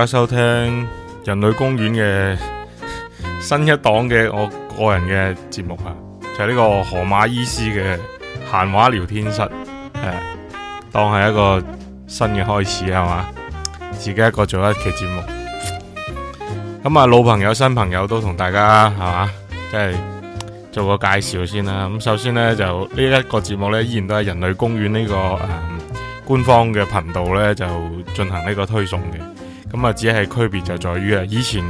大家收聽人類公園嘅新一檔嘅我個人嘅節目啊，就係、是、呢個河馬醫師嘅閒話聊天室，誒、啊，當係一個新嘅開始係嘛，自己一個做一期節目，咁啊，老朋友新朋友都同大家係嘛，即係、就是、做個介紹先啦。咁首先呢，就呢一、這個節目呢，依然都係人類公園呢、這個、嗯、官方嘅頻道呢，就進行呢個推送嘅。咁啊，只係區別就在於啊，以前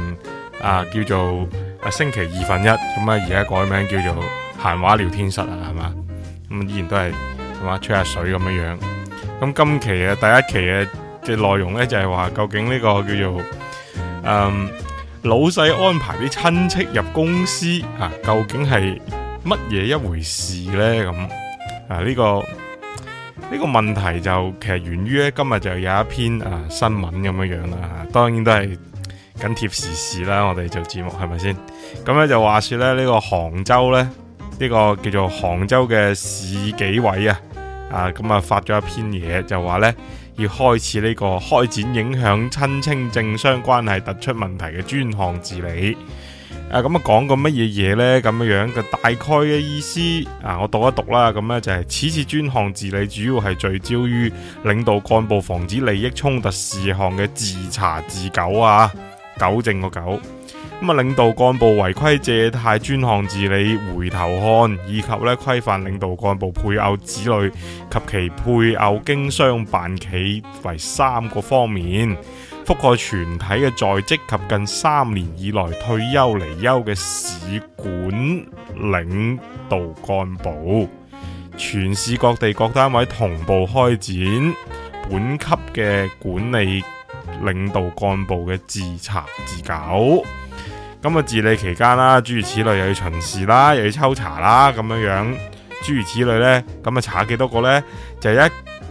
啊叫做啊星期二分一，咁啊而家改名叫做閒話聊天室啊，係嘛？咁依然都係係嘛吹下水咁樣樣。咁今期嘅第一期嘅嘅內容呢，就係話，究竟呢個叫做嗯老細安排啲親戚入公司啊，究竟係乜嘢一回事呢？咁啊呢個。呢個問題就其實源於咧，今日就有一篇啊新聞咁樣樣啦吓，啊，當然都係緊貼時事啦。我哋做節目係咪先？咁咧就話說咧，呢個杭州咧呢個叫做杭州嘅市紀委啊啊咁啊發咗一篇嘢，就話咧要開始呢個開展影響親清政商關係突出問題嘅專項治理。咁啊，講個乜嘢嘢呢？咁樣樣嘅大概嘅意思啊，我讀一讀啦。咁、啊、咧就係、是、此次專項治理主要係聚焦於領導幹部防止利益衝突事項嘅自查自糾啊，糾正個糾。咁啊，領導幹部違規借貸專項治理回頭看，以及咧規範領導幹部配偶子女及其配偶經商辦企為三個方面。覆蓋全體嘅在職及近三年以來退休離休嘅市管領導幹部，全市各地各單位同步開展本級嘅管理領導幹部嘅自查自糾。咁啊，治理期間啦，啊，諸如此類又要巡視啦，又要抽查啦，咁樣樣，諸如此類呢，咁啊，查幾多個呢？就一。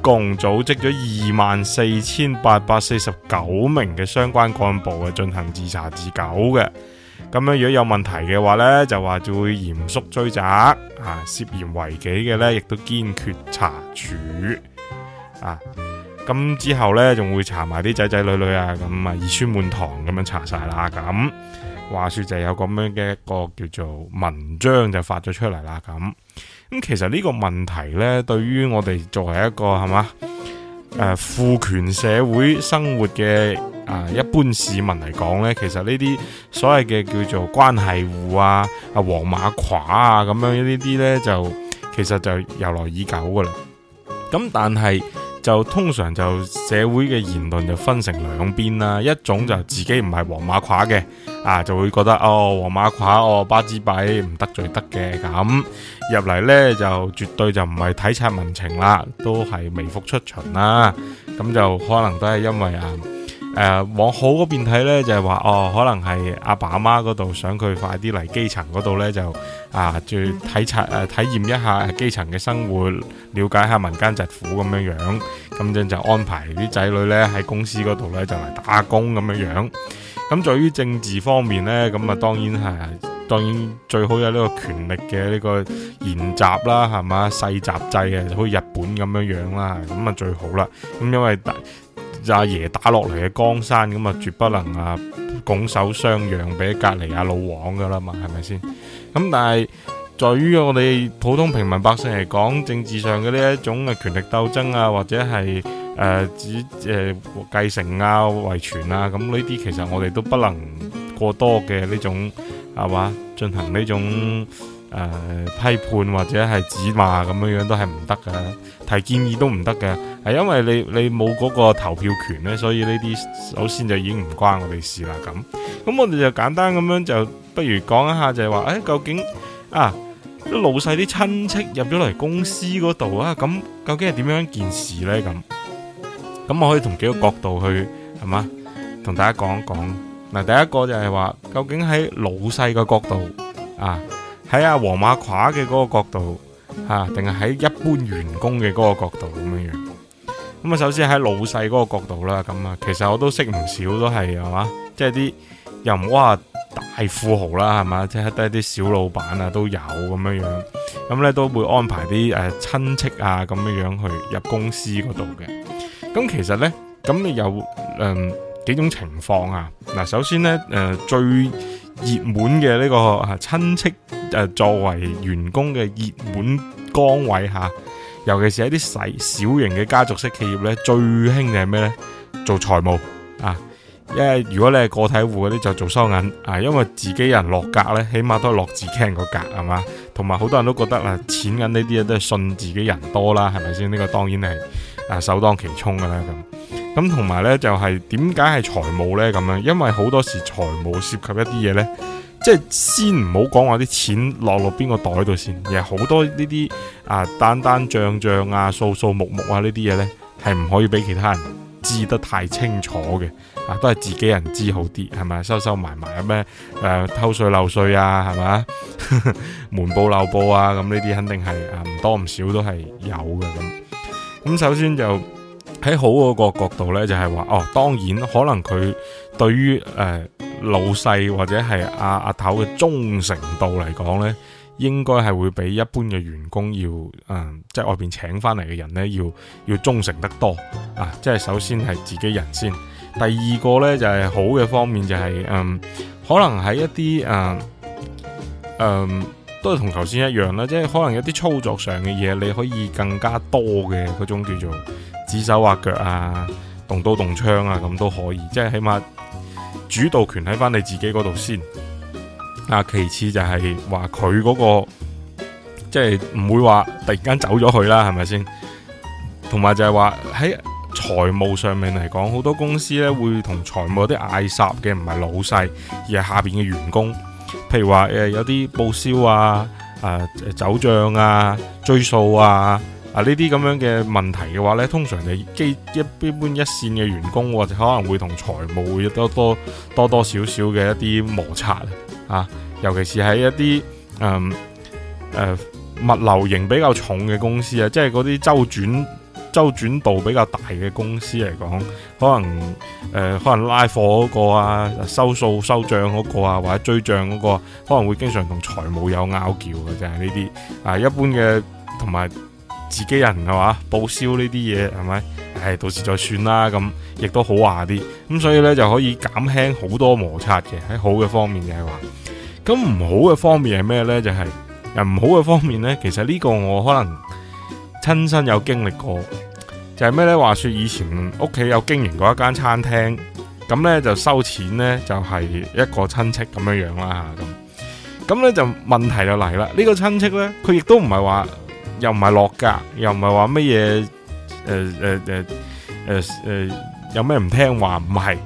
共組織咗二萬四千八百四十九名嘅相關幹部啊，進行自查自糾嘅。咁樣如果有問題嘅話呢，就話就會嚴肅追責啊，涉嫌違紀嘅呢亦都堅決查處啊。咁之後呢，仲會查埋啲仔仔女女啊，咁啊，兒孫滿堂咁樣查晒啦。咁話說就有咁樣嘅一個叫做文章就發咗出嚟啦。咁。咁其實呢個問題呢，對於我哋作為一個係嘛誒父權社會生活嘅啊、呃、一般市民嚟講呢，其實呢啲所謂嘅叫做關係戶啊、啊黃馬褂啊咁樣呢啲呢，就其實就由來已久噶啦。咁但係就通常就社會嘅言論就分成兩邊啦，一種就自己唔係黃馬褂嘅。啊，就會覺得哦，黃馬褂哦，巴支比唔得罪得嘅，咁入嚟呢，就絕對就唔係體察民情啦，都係微服出巡啦。咁就可能都係因為啊、呃，往好嗰邊睇呢，就係話哦，可能係阿爸阿媽嗰度想佢快啲嚟基層嗰度呢，就啊，就體察誒、呃，體驗一下基層嘅生活，了解下民間疾苦咁樣樣。咁就就安排啲仔女呢喺公司嗰度呢，就嚟打工咁樣樣。咁對於政治方面呢，咁啊當然係當然最好有呢個權力嘅呢個研集啦，係嘛，細集制嘅，好似日本咁樣樣啦，咁啊最好啦。咁因為阿爺打落嚟嘅江山，咁啊絕不能啊拱手相讓俾隔離阿老王噶啦嘛，係咪先？咁但係在於我哋普通平民百姓嚟講，政治上嘅呢一種嘅權力鬥爭啊，或者係。誒、呃，指誒繼、呃、承啊、遺傳啊，咁呢啲其實我哋都不能過多嘅呢種，係嘛，進行呢種誒、呃、批判或者係指罵咁樣樣都係唔得嘅，提建議都唔得嘅，係因為你你冇嗰個投票權咧，所以呢啲首先就已經唔關我哋事啦。咁，咁我哋就簡單咁樣，就不如講一下就係話，誒、哎，究竟啊，老細啲親戚入咗嚟公司嗰度啊，咁究竟係點樣件事咧？咁。咁我可以從幾個角度去係嘛，同大家講一講。嗱，第一個就係話，究竟喺老細嘅角度啊，喺阿黃馬褂嘅嗰個角度吓，定係喺一般員工嘅嗰個角度咁樣樣。咁啊，首先喺老細嗰個角度啦，咁啊，其實我都識唔少都，都係係嘛，即係啲又唔好話大富豪啦，係嘛，即係得啲小老闆啊都有咁樣樣。咁咧都會安排啲誒親戚啊咁樣樣去入公司嗰度嘅。咁其實呢，咁你有誒、嗯、幾種情況啊？嗱，首先呢，誒、呃、最熱門嘅呢個啊親戚誒、呃、作為員工嘅熱門崗位吓、啊，尤其是一啲細小型嘅家族式企業呢最興嘅係咩呢？做財務啊，因為如果你係個體戶嗰啲就做收銀啊，因為自己人落格呢，起碼都係落自己人個格係嘛，同埋好多人都覺得、啊、錢錢銀呢啲嘢都係信自己人多啦，係咪先？呢、這個當然係。啊，首當其衝嘅啦咁，咁同埋呢，就係點解係財務呢？咁樣？因為好多時財務涉及一啲嘢呢，即係先唔好講話啲錢落落邊個袋度先，而係好多呢啲啊單單賬賬啊數數目目啊呢啲嘢呢，係唔可以俾其他人知得太清楚嘅，啊都係自己人知好啲，係咪收收埋埋有咩誒偷稅漏稅啊，係咪？門報漏報啊，咁呢啲肯定係啊唔多唔少都係有嘅咁。咁首先就喺好嗰個角度咧，就係、是、話哦，當然可能佢對於誒、呃、老細或者係阿阿頭嘅忠誠度嚟講咧，應該係會比一般嘅員工要，誒、即、呃、係、就是、外邊請翻嚟嘅人咧，要要忠誠得多啊！即係首先係自己人先，第二個咧就係、是、好嘅方面就係、是、嗯、呃，可能喺一啲誒嗯。呃呃都係同頭先一樣啦，即係可能有啲操作上嘅嘢，你可以更加多嘅嗰種叫做指手畫腳啊，動刀動槍啊，咁都可以，即係起碼主導權喺返你自己嗰度先。啊，其次就係話佢嗰個即係唔會話突然間走咗去啦，係咪先？同埋就係話喺財務上面嚟講，好多公司呢會同財務有啲嗌霎嘅，唔係老細，而係下邊嘅員工。譬如話誒，有啲報銷啊、啊誒走賬啊、追數啊、啊呢啲咁樣嘅問題嘅話咧，通常就係一般般一線嘅員工或者可能會同財務會有多多多多少少嘅一啲摩擦啊，尤其是喺一啲誒誒物流型比較重嘅公司啊，即係嗰啲周轉。周轉度比較大嘅公司嚟講，可能誒、呃，可能拉貨嗰個啊，收數收賬嗰個啊，或者追賬嗰個、啊，可能會經常同財務有拗撬嘅，就係呢啲啊。一般嘅同埋自己人係嘛報銷呢啲嘢係咪？誒、哎，到時再算啦，咁亦都好話啲。咁所以呢，就可以減輕好多摩擦嘅喺好嘅方面就係話，咁唔好嘅方面係咩呢？就係、是、人唔好嘅方面呢，其實呢個我可能。親身有經歷過，就係、是、咩呢？話說以前屋企有經營過一間餐廳，咁呢就收錢呢，就係、是、一個親戚咁樣樣啦咁，咁呢就問題就嚟啦。呢、這個親戚呢，佢亦都唔係話又唔係落格，又唔係話乜嘢誒誒誒誒，有咩唔聽話唔係？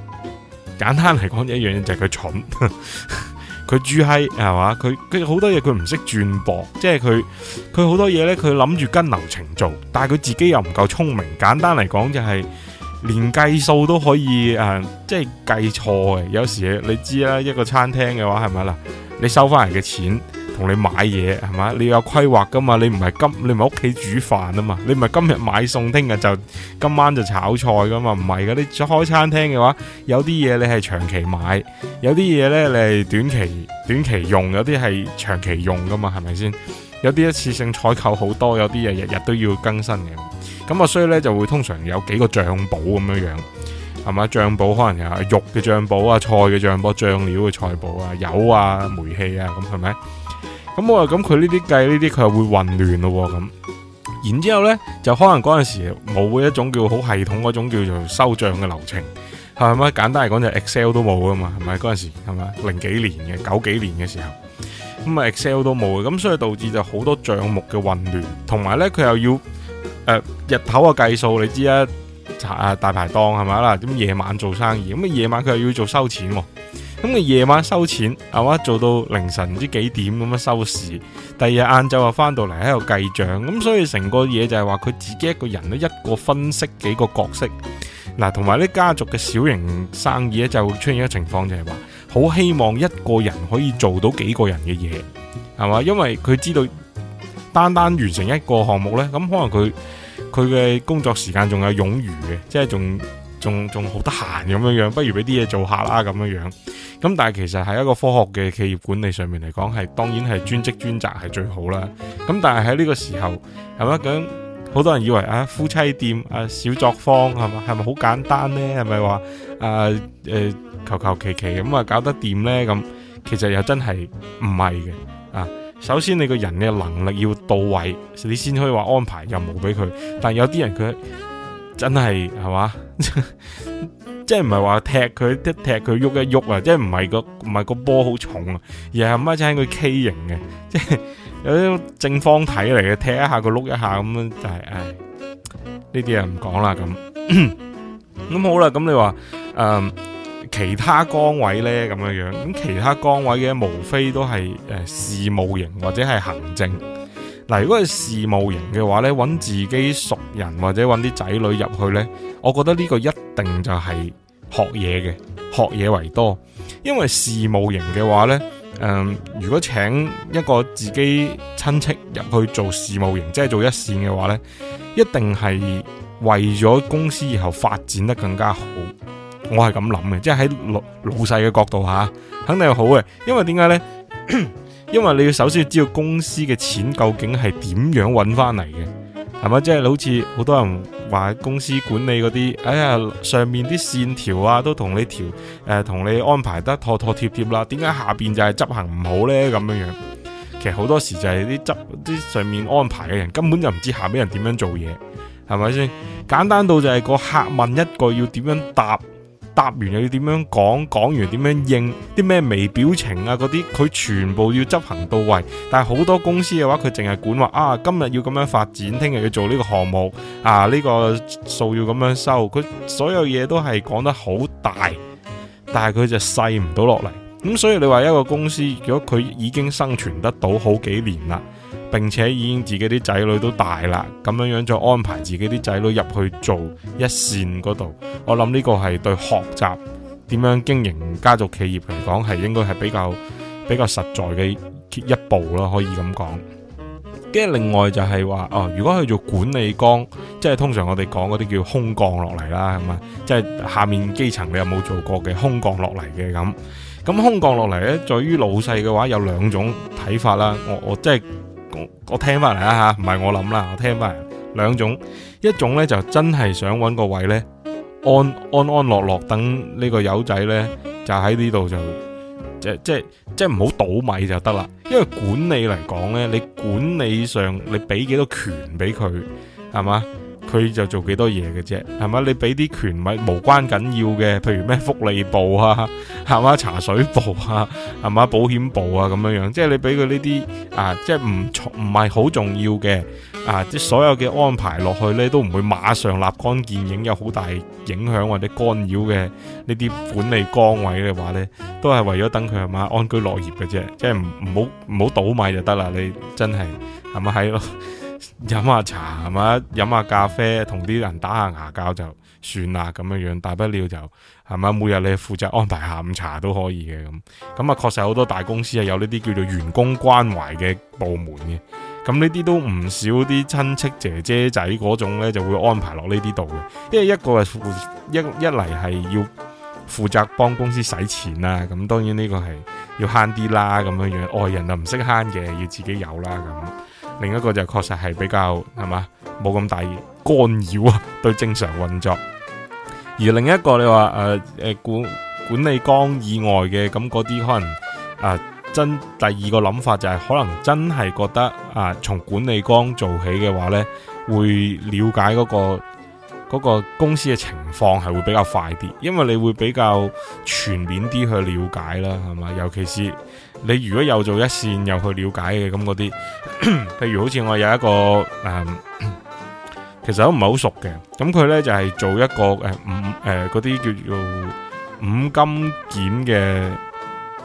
簡單嚟講一樣嘢就係、是、佢蠢。 佢煮閪係嘛？佢佢好多嘢佢唔識轉駁，即係佢佢好多嘢呢，佢諗住跟流程做，但係佢自己又唔夠聰明。簡單嚟講就係連計數都可以誒、嗯，即係計錯嘅。有時你知啦，一個餐廳嘅話係咪啦？你收翻嚟嘅錢。同你買嘢係嘛？你要有規劃噶嘛？你唔係今你唔係屋企煮飯啊嘛？你唔係今日買餸，聽日就今晚就炒菜噶嘛？唔係噶，你開餐廳嘅話，有啲嘢你係長期買，有啲嘢呢你係短期短期用，有啲係長期用噶嘛？係咪先？有啲一次性採購好多，有啲嘢日日都要更新嘅。咁啊，所以呢就會通常有幾個賬簿咁樣樣係嘛？賬簿可能有肉嘅賬簿啊、菜嘅賬簿、醬料嘅菜簿啊、油啊、煤氣啊，咁係咪？咁我又咁佢呢啲計呢啲佢又會混亂咯咁，然之後咧就可能嗰陣時冇一種叫好系統嗰種叫做收賬嘅流程，係咪？簡單嚟講就 Excel 都冇噶嘛，係咪？嗰陣時係咪？零幾年嘅九幾年嘅時候，咁啊 Excel 都冇嘅，咁所以導致就好多賬目嘅混亂，同埋咧佢又要誒、呃、日頭嘅計數，你知啊，查啊大排檔係咪啊啦？咁夜晚做生意，咁啊夜晚佢又要做收錢。咁你夜晚收錢係嘛？做到凌晨唔知幾點咁樣收市。第二日晏晝又翻到嚟喺度計賬，咁所以成個嘢就係話佢自己一個人都一個分析幾個角色。嗱，同埋呢家族嘅小型生意咧，就出現一個情況就，就係話好希望一個人可以做到幾個人嘅嘢係嘛？因為佢知道單單完成一個項目呢，咁可能佢佢嘅工作時間仲有冗餘嘅，即係仲。仲仲好得閒咁樣樣，不如俾啲嘢做下啦咁樣樣。咁但係其實係一個科學嘅企業管理上面嚟講，係當然係專職專責係最好啦。咁但係喺呢個時候係咪？咁，好多人以為啊夫妻店啊小作坊係咪？係咪好簡單呢？係咪話誒誒求求其其咁啊、呃隨隨隨隨嗯、搞得掂呢？咁其實又真係唔係嘅啊。首先你個人嘅能力要到位，你先可以話安排任務俾佢。但有啲人佢。真係係嘛，即係唔係話踢佢踢踢佢喐一喐啊，即係唔係個唔係個波好重啊，而係孖親佢 K 型嘅，即係有啲正方體嚟嘅，踢一下佢碌一下咁樣就係、是、唉，呢啲啊唔講啦咁。咁 好啦，咁你話誒、呃、其他崗位咧咁樣樣，咁其他崗位嘅無非都係誒、呃、事務型或者係行政。嗱，如果係事務型嘅話咧，揾自己熟人或者揾啲仔女入去咧，我覺得呢個一定就係學嘢嘅，學嘢為多。因為事務型嘅話咧，誒、呃，如果請一個自己親戚入去做事務型，即係做一線嘅話咧，一定係為咗公司以後發展得更加好，我係咁諗嘅，即係喺老老細嘅角度吓，肯定係好嘅。因為點解咧？ 因為你要首先要知道公司嘅錢究竟係點樣揾翻嚟嘅，係咪？即係好似好多人話公司管理嗰啲，哎呀，上面啲線條啊都同你調，誒，同你安排得妥妥帖帖啦，點解下邊就係執行唔好呢？咁樣樣，其實好多時就係啲執，啲上面安排嘅人根本就唔知下邊人點樣做嘢，係咪先？簡單到就係個客問一句，要點樣答？答完又要點樣講，講完點樣應，啲咩微表情啊嗰啲，佢全部要執行到位。但係好多公司嘅話，佢淨係管話啊，今日要咁樣發展，聽日要做呢個項目啊，呢個數要咁樣收，佢所有嘢都係講得好大，但係佢就細唔到落嚟。咁所以你話一個公司，如果佢已經生存得到好幾年啦。並且已經自己啲仔女都大啦，咁樣樣再安排自己啲仔女入去做一線嗰度，我諗呢個係對學習點樣經營家族企業嚟講，係應該係比較比較實在嘅一步咯，可以咁講。跟住另外就係話，哦，如果去做管理崗，即係通常我哋講嗰啲叫空降落嚟啦，係咪？即係下面基層你有冇做過嘅空降落嚟嘅咁，咁空降落嚟呢，在於老細嘅話有兩種睇法啦，我我即係。我聽翻嚟啊吓，唔係我諗啦，我聽翻嚟兩種，一種咧就真係想揾個位咧，安安安樂樂等呢個友仔咧，就喺呢度就即即即唔好倒米就得啦，因為管理嚟講咧，你管理上你俾幾多權俾佢係嘛？佢就做幾多嘢嘅啫，係咪？你俾啲權位無關緊要嘅，譬如咩福利部啊，係嘛？茶水部啊，係嘛？保險部啊咁樣樣，即係你俾佢呢啲啊，即係唔唔係好重要嘅啊，即所有嘅安排落去呢，都唔會馬上立竿見影，有好大影響或者干擾嘅呢啲管理崗位嘅話呢，都係為咗等佢係嘛安居樂業嘅啫，即係唔好唔好倒米就得啦，你真係係咪係咯？飲下茶係嘛，飲下咖啡，同啲人打下牙膠就算啦。咁樣樣，大不了就係嘛，每日你負責安排下，下午茶都可以嘅咁。咁啊，確實好多大公司啊有呢啲叫做員工關懷嘅部門嘅。咁呢啲都唔少啲親戚姐姐仔嗰種呢，就會安排落呢啲度嘅。因為一個係負，一，一嚟係要負責幫公司使錢啦。咁當然呢個係要慳啲啦。咁樣樣外人就唔識慳嘅，要自己有啦咁。另一個就確實係比較係嘛，冇咁大干擾啊，對正常運作。而另一個你話誒誒管，管理崗以外嘅咁嗰啲可能啊、呃、真，第二個諗法就係可能真係覺得啊、呃、從管理崗做起嘅話呢會了解嗰、嗰個、嗰個公司嘅情況係會比較快啲，因為你會比較全面啲去了解啦，係嘛，尤其是。你如果有做一線又去了解嘅咁嗰啲，譬如好似我有一個、呃、其實都唔係好熟嘅。咁佢咧就係、是、做一個誒五嗰啲叫做五金件嘅，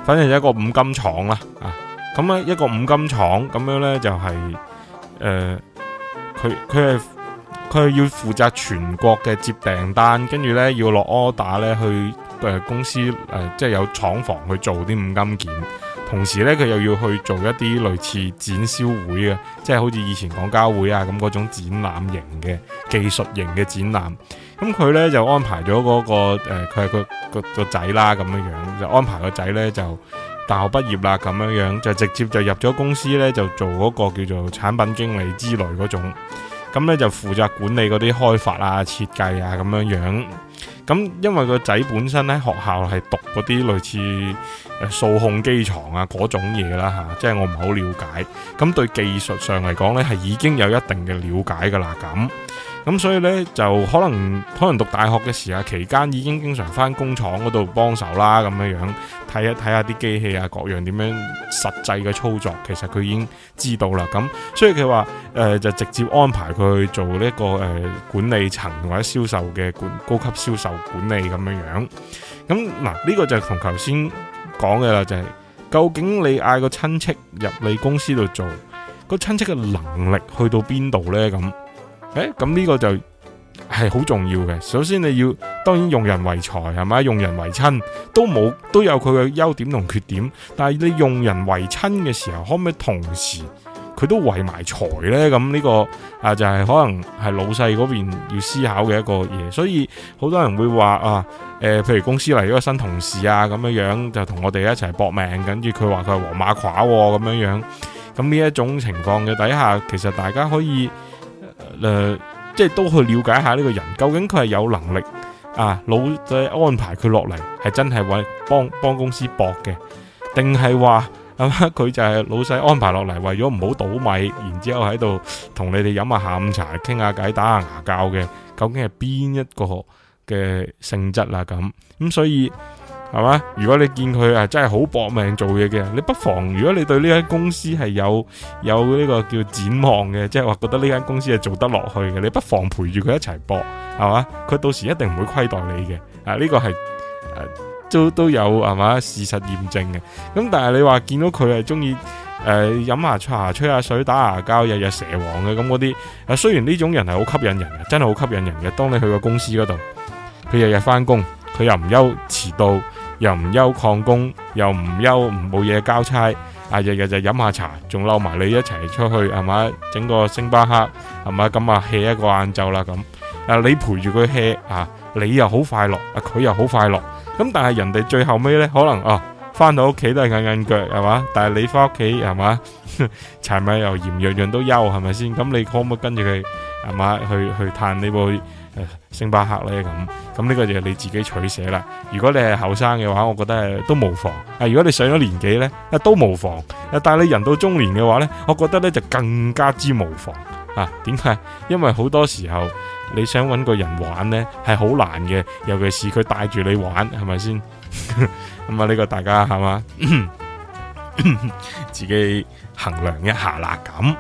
反正一個五金廠啦啊。咁一個五金廠咁樣咧就係、是、誒，佢佢係佢係要負責全國嘅接訂單，跟住咧要落 order 咧去、呃、公司即係、呃就是、有廠房去做啲五金件。同時咧，佢又要去做一啲類似展銷會嘅，即係好似以前廣交會啊咁嗰種展覽型嘅、技術型嘅展覽。咁佢咧就安排咗嗰個誒，佢係個個個仔啦咁樣樣，就安排個仔咧就大學畢業啦咁樣樣，就直接就入咗公司咧，就做嗰個叫做產品經理之類嗰種。咁咧就負責管理嗰啲開發啊、設計啊咁樣樣。咁因為個仔本身咧學校係讀嗰啲類似誒、呃、數控機床啊嗰種嘢啦吓，即係我唔係好了解，咁對技術上嚟講咧係已經有一定嘅了解噶啦咁。啊咁所以咧就可能可能，讀大學嘅時候期間已經經常翻工廠嗰度幫手啦咁樣樣睇一睇下啲機器啊各樣點樣實際嘅操作，其實佢已經知道啦。咁所以佢話誒，就直接安排佢去做呢、這個誒、呃、管理層或者銷售嘅管高級銷售管理咁樣樣。咁嗱呢個就係同頭先講嘅啦，就係、是、究竟你嗌個親戚入你公司度做、那個親戚嘅能力去到邊度咧咁。誒，咁呢、欸、個就係好重要嘅。首先你要，當然用人為財係咪？用人為親都冇，都有佢嘅優點同缺點。但係你用人為親嘅時候，可唔可以同時佢都為埋財呢？咁呢、這個啊就係、是、可能係老細嗰邊要思考嘅一個嘢。所以好多人會話啊，誒、呃，譬如公司嚟咗個新同事啊，咁樣樣就同我哋一齊搏命。跟住佢話佢係黃馬褂咁、哦、樣樣。咁呢一種情況嘅底下，其實大家可以。誒、呃，即係都去了解下呢個人究竟佢係有能力啊，老細安排佢落嚟係真係為幫幫公司搏嘅，定係話啊佢就係老細安排落嚟為咗唔好倒米，然之後喺度同你哋飲下下午茶，傾下偈，打下牙教嘅，究竟係邊一個嘅性質啦、啊？咁咁、嗯、所以。係嘛？如果你見佢啊真係好搏命做嘢嘅，你不妨如果你對呢間公司係有有呢個叫展望嘅，即係話覺得呢間公司係做得落去嘅，你不妨陪住佢一齊搏，係嘛？佢到時一定唔會虧待你嘅。啊，呢、這個係都、啊、都有係嘛事實驗證嘅。咁但係你話見到佢係中意誒飲下茶、吹下水、打牙膠、日日蛇王嘅咁嗰啲，啊雖然呢種人係好吸引人嘅，真係好吸引人嘅。當你去個公司嗰度，佢日日翻工，佢又唔休遲到。又唔憂曠工，又唔憂冇嘢交差，啊日日就飲下茶，仲撈埋你一齊出去係嘛，整個星巴克係嘛，咁啊歇一個晏晝啦咁，啊你陪住佢歇，啊，你又好快樂，啊佢又好快樂，咁但係人哋最後尾呢，可能啊翻到屋企都係硬硬腳係嘛，但係你翻屋企係嘛柴米油鹽樣樣都憂，係咪先？咁你可唔可以跟住佢係嘛去去嘆呢杯？星巴克咧，咁咁呢個就你自己取捨啦。如果你係後生嘅話，我覺得都無妨；啊，如果你上咗年紀呢，啊都無妨；但係你人到中年嘅話呢，我覺得呢就更加之無妨啊。點解？因為好多時候你想搵個人玩呢，係好難嘅，尤其是佢帶住你玩，係咪先咁啊？呢 個大家係嘛， 自己衡量一下啦。咁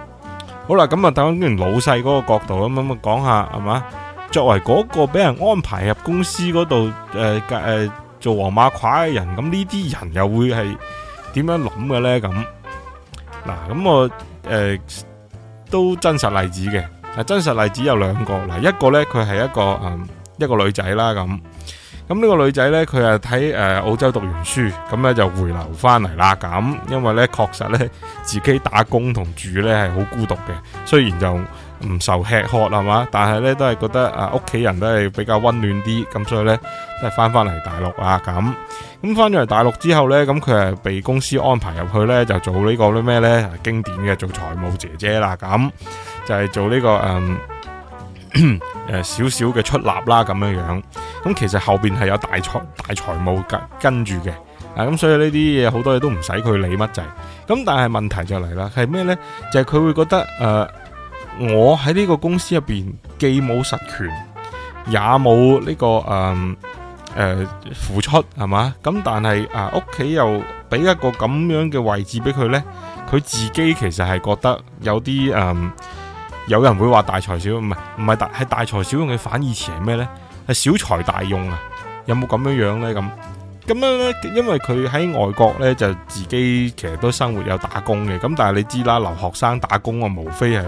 好啦，咁啊，等於老細嗰個角度咁咁講下係嘛。作為嗰個俾人安排入公司嗰度誒誒做黃馬褂嘅人，咁呢啲人又會係點樣諗嘅呢？咁嗱，咁我誒、呃、都真實例子嘅，啊真實例子有兩個，嗱一個呢，佢係一個啊、呃、一個女仔啦，咁咁呢個女仔呢，佢係喺誒澳洲讀完書，咁呢就回流翻嚟啦，咁因為呢，確實呢，自己打工同住呢係好孤獨嘅，雖然就。唔受吃喝係嘛，但係咧都係覺得啊屋企人都係比較溫暖啲，咁所以咧都係翻翻嚟大陸啦咁。咁翻咗嚟大陸之後咧，咁佢係被公司安排入去咧就做呢個咧咩咧經典嘅做財務姐姐啦咁，就係做呢個誒誒少少嘅出納啦咁樣樣。咁其實後邊係有大財大財務跟跟住嘅啊，咁所以呢啲嘢好多嘢都唔使佢理乜滯。咁但係問題就嚟啦，係咩咧？就係佢會覺得誒。呃我喺呢個公司入邊既冇實權，也冇呢、這個誒誒、呃呃、付出係嘛？咁但係啊屋企又俾一個咁樣嘅位置俾佢咧，佢自己其實係覺得有啲誒、呃，有人會話大材小用唔係唔係大係大材小用嘅反義詞係咩咧？係小材大用啊？有冇咁樣呢樣咧咁？咁啊，因為佢喺外國咧就自己其實都生活有打工嘅，咁但係你知啦，留學生打工啊，無非係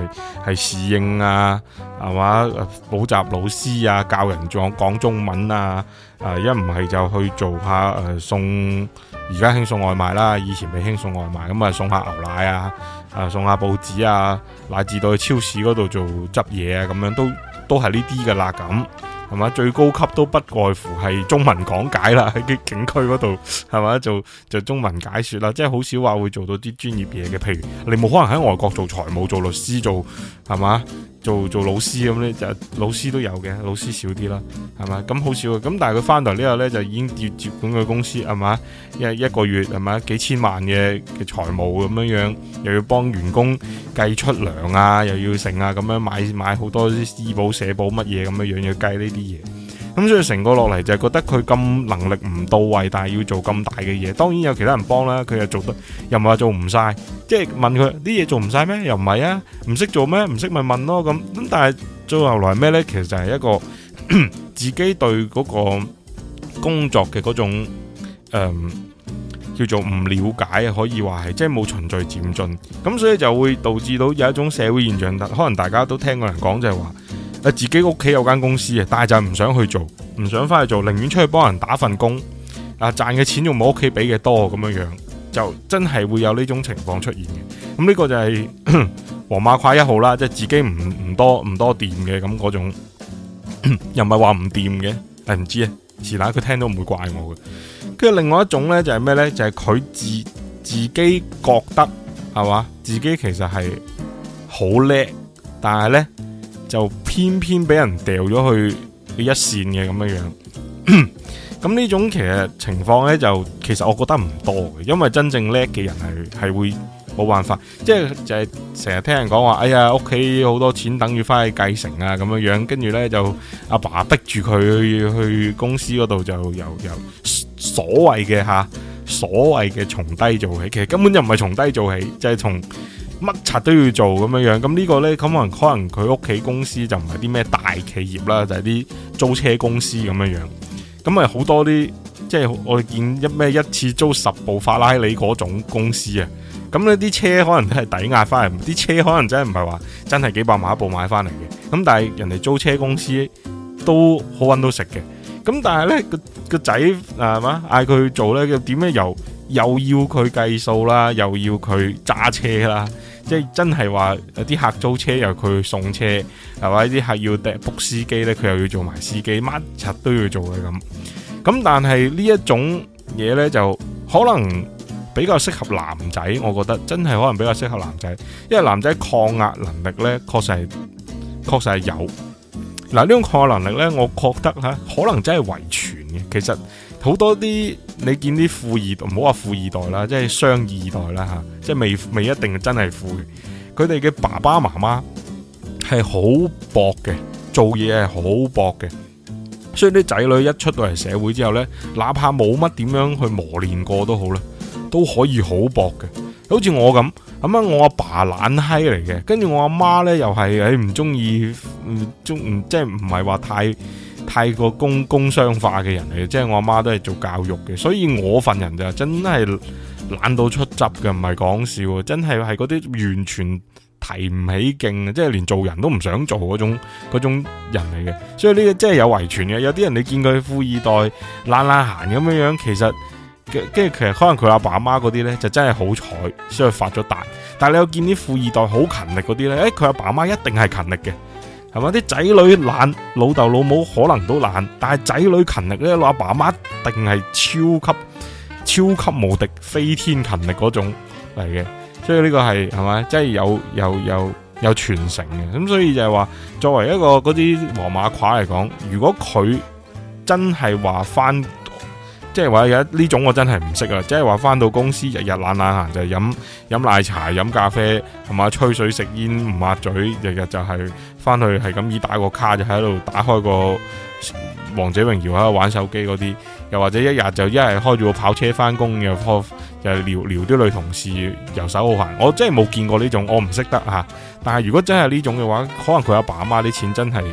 係侍應啊，係嘛，補習老師啊，教人講講中文啊，啊一唔係就去做下、呃、送而家興送外賣啦，以前未興送外賣，咁、嗯、啊送下牛奶啊，啊送下報紙啊，乃至到去超市嗰度做執嘢啊，咁樣都都係呢啲噶啦咁。係嘛？最高級都不外乎係中文講解啦，喺啲景區嗰度係嘛？做做中文解說啦，即係好少話會做到啲專業嘢嘅。譬如你冇可能喺外國做財務、做律師、做係嘛？做做老師咁呢，就老師都有嘅，老師少啲啦，係嘛？咁好少嘅，咁但係佢翻嚟呢度呢，就已經接接管個公司，係嘛？一一個月係嘛幾千萬嘅嘅財務咁樣樣，又要幫員工計出糧啊，又要剩啊，咁樣買買好多啲醫保社保乜嘢咁樣樣要計呢啲嘢。咁所以成個落嚟，就係覺得佢咁能力唔到位，但係要做咁大嘅嘢，當然有其他人幫啦。佢又做得又唔係話做唔晒，即係問佢啲嘢做唔晒咩？又唔係、就是、啊，唔識做咩？唔識咪問咯，咁咁。但係最後來咩呢？其實就係一個自己對嗰個工作嘅嗰種、嗯、叫做唔了解，可以話係即係冇循序漸進。咁所以就會導致到有一種社會現象，可能大家都聽過人講，就係話。誒，自己屋企有間公司嘅，但係就係唔想去做，唔想翻去做，寧願出去幫人打份工。啊，賺嘅錢仲冇屋企俾嘅多咁樣樣，就真係會有呢種情況出現嘅。咁、嗯、呢、這個就係、是、黃馬褂一號啦，即係自己唔唔多唔多掂嘅咁嗰種，又唔係話唔掂嘅，誒唔知啊，是但佢聽到唔會怪我嘅。跟住另外一種呢，就係、是、咩呢？就係、是、佢自自己覺得係嘛，自己其實係好叻，但係呢。就偏偏俾人掉咗去呢一線嘅咁樣樣，咁呢 種其實情況呢，就其實我覺得唔多嘅，因為真正叻嘅人係係會冇辦法，即係就係成日聽人講話，哎呀屋企好多錢，等於翻去繼承啊咁樣樣，跟住呢，就阿爸、爸逼住佢去、去公司嗰度就由由所謂嘅嚇，所謂嘅從低做起，其實根本就唔係從低做起，就係、是、從。乜都要做咁樣樣，咁呢個呢，咁可能可能佢屋企公司就唔係啲咩大企業啦，就係啲租車公司咁樣樣。咁啊好多啲即係我見一咩一次租十部法拉利嗰種公司啊。咁呢啲車可能都係抵押翻嚟，啲車可能真係唔係話真係幾百萬一部買翻嚟嘅。咁但係人哋租車公司都好揾到食嘅。咁但係呢個個仔啊嘛嗌佢做呢，佢點樣又又要佢計數啦，又要佢揸車啦。即係真係話有啲客租車又佢送車，係嘛，啲客要訂福司機呢，佢又要做埋司機，乜柒都要做嘅。咁咁但係呢一種嘢呢，就可能比較適合男仔，我覺得真係可能比較適合男仔，因為男仔抗壓能力呢確實係確實係有嗱，呢種抗壓能力呢，我覺得吓可能真係遺傳嘅其實好多啲。你見啲富二代，唔好話富二代啦，即係雙二代啦吓，即係未未一定真係富嘅。佢哋嘅爸爸媽媽係好薄嘅，做嘢係好薄嘅。所以啲仔女一出到嚟社會之後咧，哪怕冇乜點樣去磨練過都好啦，都可以好薄嘅。好似我咁，咁啊我阿爸懶閪嚟嘅，跟住我阿媽咧又係誒，唔中意，唔中，即係唔係話太。太過工工商化嘅人嚟嘅，即係我阿媽都係做教育嘅，所以我份人就真係懶到出汁嘅，唔係講笑，真係係嗰啲完全提唔起勁，即係連做人都唔想做嗰種嗰種人嚟嘅。所以呢個真係有遺傳嘅，有啲人你見佢富二代懶懶閒咁樣樣，其實跟住其實可能佢阿爸阿媽嗰啲呢就真係好彩，所以佢發咗達。但係你又見啲富二代好勤力嗰啲呢，誒、欸，佢阿爸阿媽一定係勤力嘅。係嘛，啲仔女懶，老豆老母可能都懶，但係仔女勤力咧，我阿爸阿媽一定係超級超級無敵飛天勤力嗰種嚟嘅，所以呢個係係嘛，即係、就是、有有有有傳承嘅。咁所以就係話，作為一個嗰啲黃馬褂嚟講，如果佢真係話翻，即係話有呢種，我真係唔識啊！即係話翻到公司日日懶懶閒，就係飲飲奶茶、飲咖啡，係嘛吹水食煙唔抹嘴，日日就係、是。翻去係咁以打個卡，就喺度打開個王者榮耀喺度玩手機嗰啲，又或者一日就一係開住個跑車翻工，又開又聊聊啲女同事，遊手好閒，我真係冇見過呢種，我唔識得吓。但係如果真係呢種嘅話，可能佢阿爸阿媽啲錢真係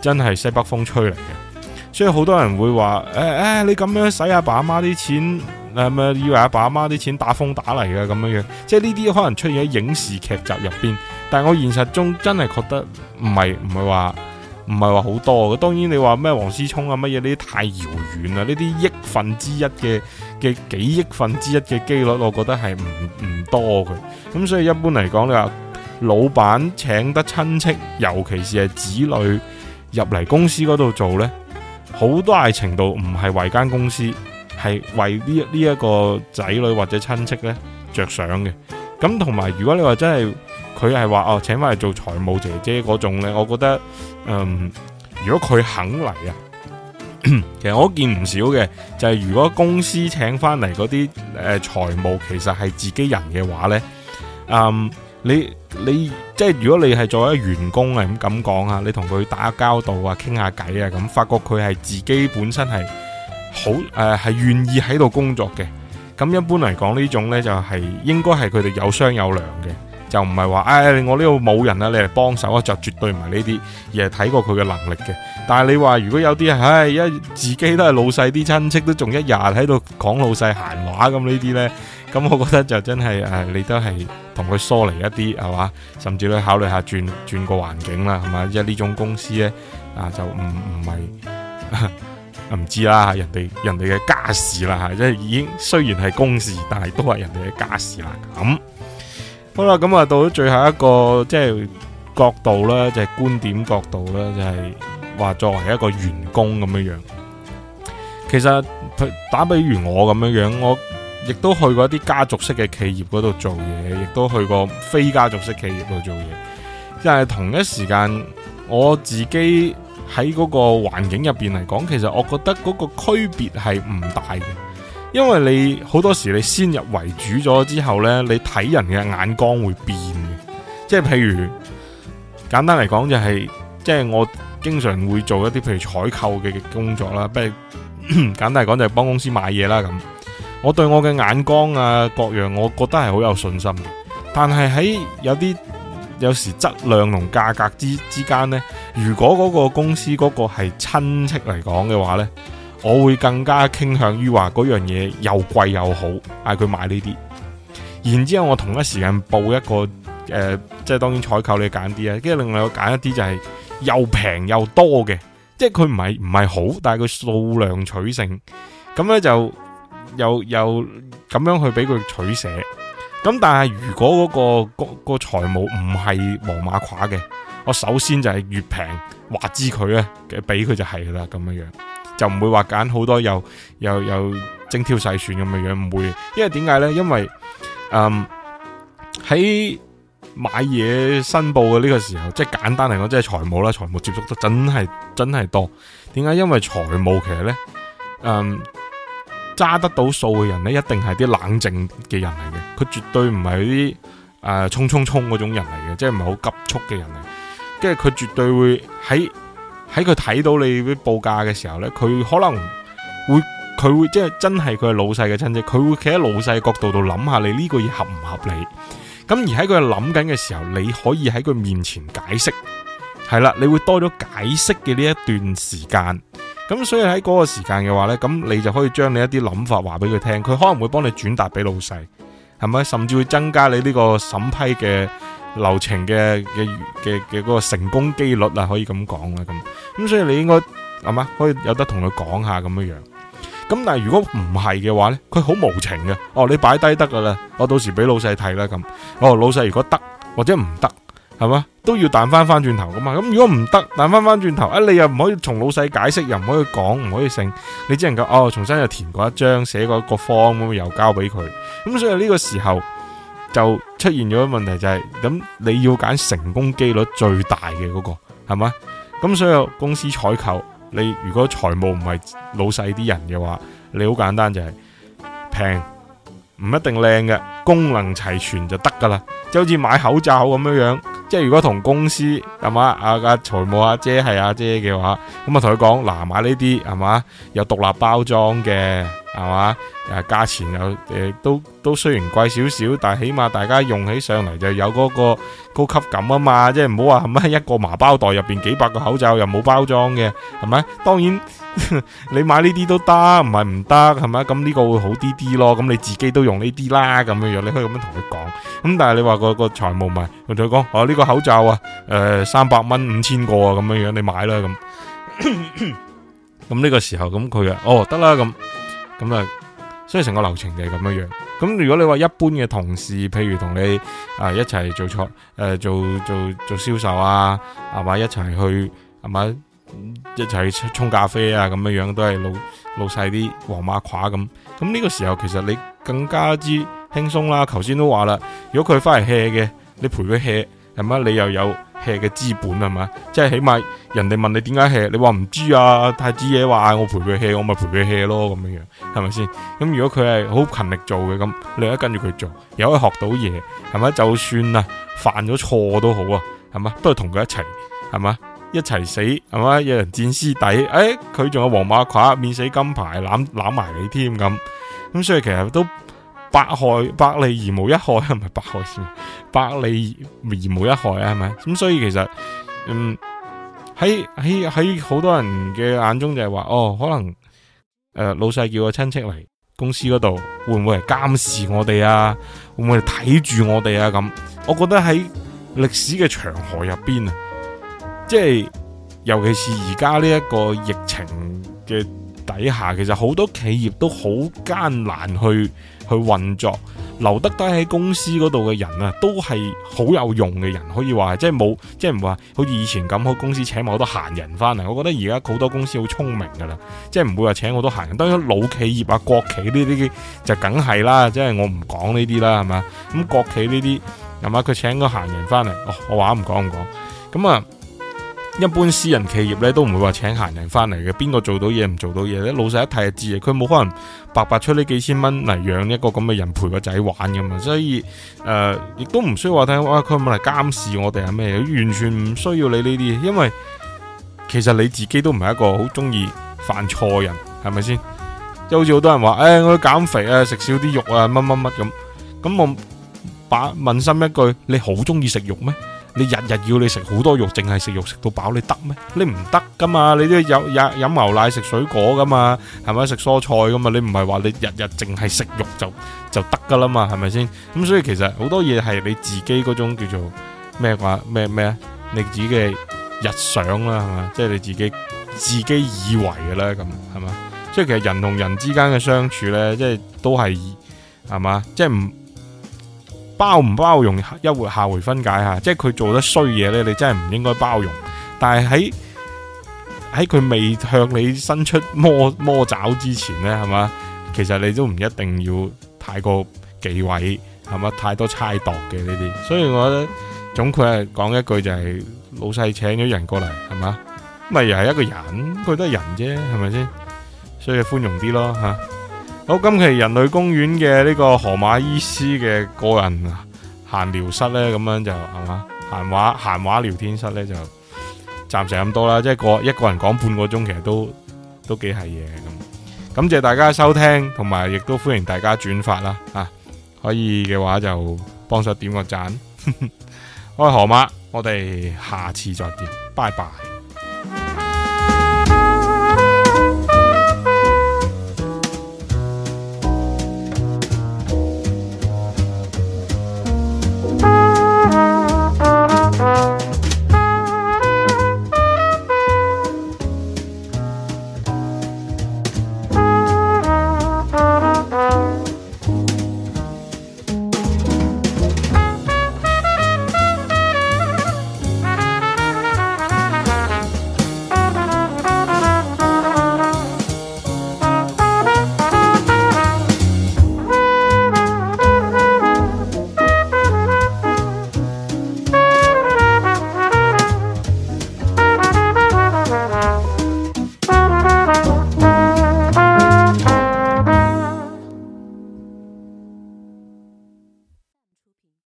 真係西北風吹嚟嘅，所以好多人會話，誒誒，你咁樣使阿爸阿媽啲錢？啊！咩以為阿爸阿媽啲錢打風打嚟嘅咁樣樣，即係呢啲可能出現喺影視劇集入邊，但係我現實中真係覺得唔係唔係話唔係話好多嘅。當然你話咩黃思聰啊、乜嘢呢啲太遙遠啦，呢啲億分之一嘅嘅幾億分之一嘅幾率，我覺得係唔唔多嘅。咁所以一般嚟講，你話老闆請得親戚，尤其是係子女入嚟公司嗰度做呢，好大程度唔係為間公司。係為呢呢一個仔女或者親戚呢着想嘅，咁同埋如果你話真係佢係話哦，請翻嚟做財務姐姐嗰種呢，我覺得嗯，如果佢肯嚟啊，其實我見唔少嘅，就係如果公司請翻嚟嗰啲誒財務，其實係自己人嘅話呢，嗯，你你即係如果你係作為員工啊咁講啊，你同佢打交道啊，傾下偈啊，咁發覺佢係自己本身係。好誒，係、呃、願意喺度工作嘅，咁一般嚟講呢種呢就係、是、應該係佢哋有商有量嘅，就唔係話誒我呢度冇人啊，你嚟幫手啊，就絕對唔係呢啲，而係睇過佢嘅能力嘅。但係你話如果有啲唉，一、哎、自己都係老細，啲親戚都仲一日喺度講老細閒話咁呢啲呢，咁我覺得就真係誒、呃，你都係同佢疏離一啲係嘛，甚至去考慮下轉轉個環境啦，係嘛，因為呢種公司呢，啊、呃、就唔唔係。不是 唔知啦，人哋人哋嘅家事啦，即係已經雖然係公事，但係都係人哋嘅家事啦。咁好啦，咁啊到咗最後一個即係角度啦，就係觀點角度啦，就係話作為一個員工咁樣樣。其實打比如我咁樣樣，我亦都去過一啲家族式嘅企業嗰度做嘢，亦都去過非家族式企業度做嘢，但係同一時間我自己。喺嗰個環境入邊嚟講，其實我覺得嗰個區別係唔大嘅，因為你好多時候你先入為主咗之後呢，你睇人嘅眼光會變嘅，即係譬如簡單嚟講就係、係，即、就、係、係、我經常會做一啲譬如採購嘅工作啦，譬如 簡單嚟講就係幫公司買嘢啦咁。我對我嘅眼光啊各樣，我覺得係好有信心嘅，但係喺有啲有時質量同價格之之間呢如果嗰個公司嗰個係親戚嚟講嘅話呢，我會更加傾向於話嗰樣嘢又貴又好，嗌佢買呢啲。然之後我同一時間報一個誒、呃，即係當然採購你揀啲啊，跟住另外我揀一啲就係又平又多嘅，即係佢唔係唔係好，但係佢數量取勝。咁呢就又又咁樣去俾佢取捨。咁但係如果嗰、嗰個個個財務唔係黃馬褂嘅。我首先就係越平話知佢咧，嘅俾佢就係啦，咁樣樣就唔會話揀好多又又又精挑細選咁樣樣，唔會，因為點解咧？因為嗯喺買嘢申報嘅呢個時候，即係簡單嚟講，即係財務啦，財務接觸得真係真係多。點解？因為財務其實咧，嗯揸得到數嘅人咧，一定係啲冷靜嘅人嚟嘅。佢絕對唔係啲誒衝衝衝嗰種人嚟嘅，即係唔係好急促嘅人嚟。跟住佢絕對會喺喺佢睇到你啲報價嘅時候呢，佢可能會佢會即係真係佢係老細嘅親戚，佢會企喺老細角度度諗下你呢個嘢合唔合理。咁而喺佢諗緊嘅時候，你可以喺佢面前解釋，係啦，你會多咗解釋嘅呢一段時間。咁所以喺嗰個時間嘅話呢，咁你就可以將你一啲諗法話俾佢聽，佢可能會幫你轉達俾老細，係咪？甚至會增加你呢個審批嘅。流程嘅嘅嘅嘅個成功機率啊，可以咁講啊，咁咁所以你應該係嘛，可以有得同佢講下咁樣樣。咁但係如果唔係嘅話呢，佢好無情嘅。哦，你擺低得噶啦，我到時俾老細睇啦咁。哦，老細如果得或者唔得，係嘛都要彈翻翻轉頭噶嘛。咁如果唔得彈翻翻轉頭，啊你又唔可以從老細解釋，又唔可以講，唔可以勝，你只能夠哦重新又填過一張，寫過一個方咁又交俾佢。咁所以呢個時候。就出現咗問題，就是，就係咁你要揀成功幾率最大嘅嗰、那個，係嘛？咁所有公司採購，你如果財務唔係老細啲人嘅話，你好簡單就係、是、平，唔一定靚嘅，功能齊全就得噶啦。就好似買口罩咁樣樣，即係如果同公司係嘛啊啊財務阿、啊、姐係阿、啊、姐嘅話，咁啊同佢講嗱，買呢啲係嘛，有獨立包裝嘅。係嘛？誒，價、啊、錢又誒、呃，都都雖然貴少少，但係起碼大家用起上嚟，就有嗰個高級感啊嘛！即係唔好話係咪一個麻包袋入邊幾百個口罩又冇包裝嘅，係咪？當然你買呢啲都得，唔係唔得，係咪？咁呢個會好啲啲咯。咁你自己都用呢啲啦，咁樣樣你可以咁樣同佢講。咁但係你話個個財務咪同佢講，我呢、啊呢個口罩啊，誒、呃，三百蚊五千個啊，咁樣樣你買啦咁。咁呢 個時候咁佢啊，哦得啦咁。咁啊，所以成個流程就係咁樣樣。咁如果你話一般嘅同事，譬如同你啊一齊做誒、啊、做做做銷售啊，係、啊、嘛一齊去，係、啊、嘛一齊沖咖啡啊，咁樣樣都係老老細啲黃馬褂咁。咁呢個時候其實你更加之輕鬆啦。頭先都話啦，如果佢翻嚟吃嘅，你陪佢吃，係咪？係嘛你又有。hea 嘅資本係咪？即係起碼人哋問你點解 hea，你話唔知啊。太子爺話嗌我陪佢 hea，我咪陪佢 hea 咯，咁樣樣，係咪先？咁如果佢係好勤力做嘅，咁你一跟住佢做，又可以學到嘢，係咪？就算啊犯咗錯都好啊，係嘛，都係同佢一齊，係嘛，一齊死，係嘛，有人墊屍底，誒、欸，佢仲有黃馬褂免死金牌攬攬埋你添，咁，咁所以其實都。百害百利而無一害係咪百害先？百利而無一害啊，係咪咁？所以其實嗯喺喺喺好多人嘅眼中就係話哦，可能誒、呃、老細叫個親戚嚟公司嗰度，會唔會嚟監視我哋啊？會唔會嚟睇住我哋啊？咁我覺得喺歷史嘅長河入邊啊，即係尤其是而家呢一個疫情嘅底下，其實好多企業都好艱難去去運作，留得低喺公司嗰度嘅人啊，都係好有用嘅人，可以話即係冇，即係唔話好似以前咁，好公司請好多閒人翻嚟。我覺得而家好多公司好聰明噶啦，即係唔會話請好多閒人。當然老企業啊、國企呢啲就梗係啦，即係我唔講呢啲啦，係嘛？咁國企呢啲，係咪？佢請個閒人翻嚟，我話唔講唔講，咁啊。一般私人企業咧都唔會話請閒人翻嚟嘅，邊個做到嘢、唔做到嘢咧？老細一睇就知，佢冇可能白白出呢幾千蚊嚟養一個咁嘅人陪個仔玩咁嘛！所以誒，亦都唔需要話睇哇，佢係咪嚟監視我哋啊咩？完全唔需要你呢啲，因為其實你自己都唔係一個好中意犯錯嘅人，係咪先？即好似好多人話誒、哎，我要減肥啊，食少啲肉啊，乜乜乜咁。咁我把問心一句，你好中意食肉咩？你日日要你食好多肉，淨係食肉食到飽，你得咩？你唔得噶嘛？你都要飲飲牛奶、食水果噶嘛？係咪？食蔬菜噶嘛？你唔係話你日日淨係食肉就就得噶啦嘛？係咪先？咁所以其實好多嘢係你自己嗰種叫做咩話咩咩啊？你自己嘅日常啦，係嘛？即係你自己自己以為嘅啦咁係嘛？所以其實人同人之間嘅相處咧，即係都係係嘛？即係唔。就是包唔包容一回下回分解下，即係佢做得衰嘢呢，你真係唔應該包容。但係喺喺佢未向你伸出魔魔爪之前呢，係嘛，其實你都唔一定要太過忌諱，係嘛，太多猜度嘅呢啲。所以我覺得總括係講一句就係、是、老細請咗人過嚟，係嘛，咪又係一個人，佢都係人啫，係咪先？所以寬容啲咯，吓。好，今期人類公園嘅呢個河馬醫師嘅個人閒聊室呢，咁樣就係嘛，閒話閒話聊天室呢，就暫時咁多啦，即係個一個人講半個鐘，其實都都幾係嘢咁。感謝大家收聽，同埋亦都歡迎大家轉發啦，啊，可以嘅話就幫手點個讚。我係河馬，我哋下次再見，拜拜。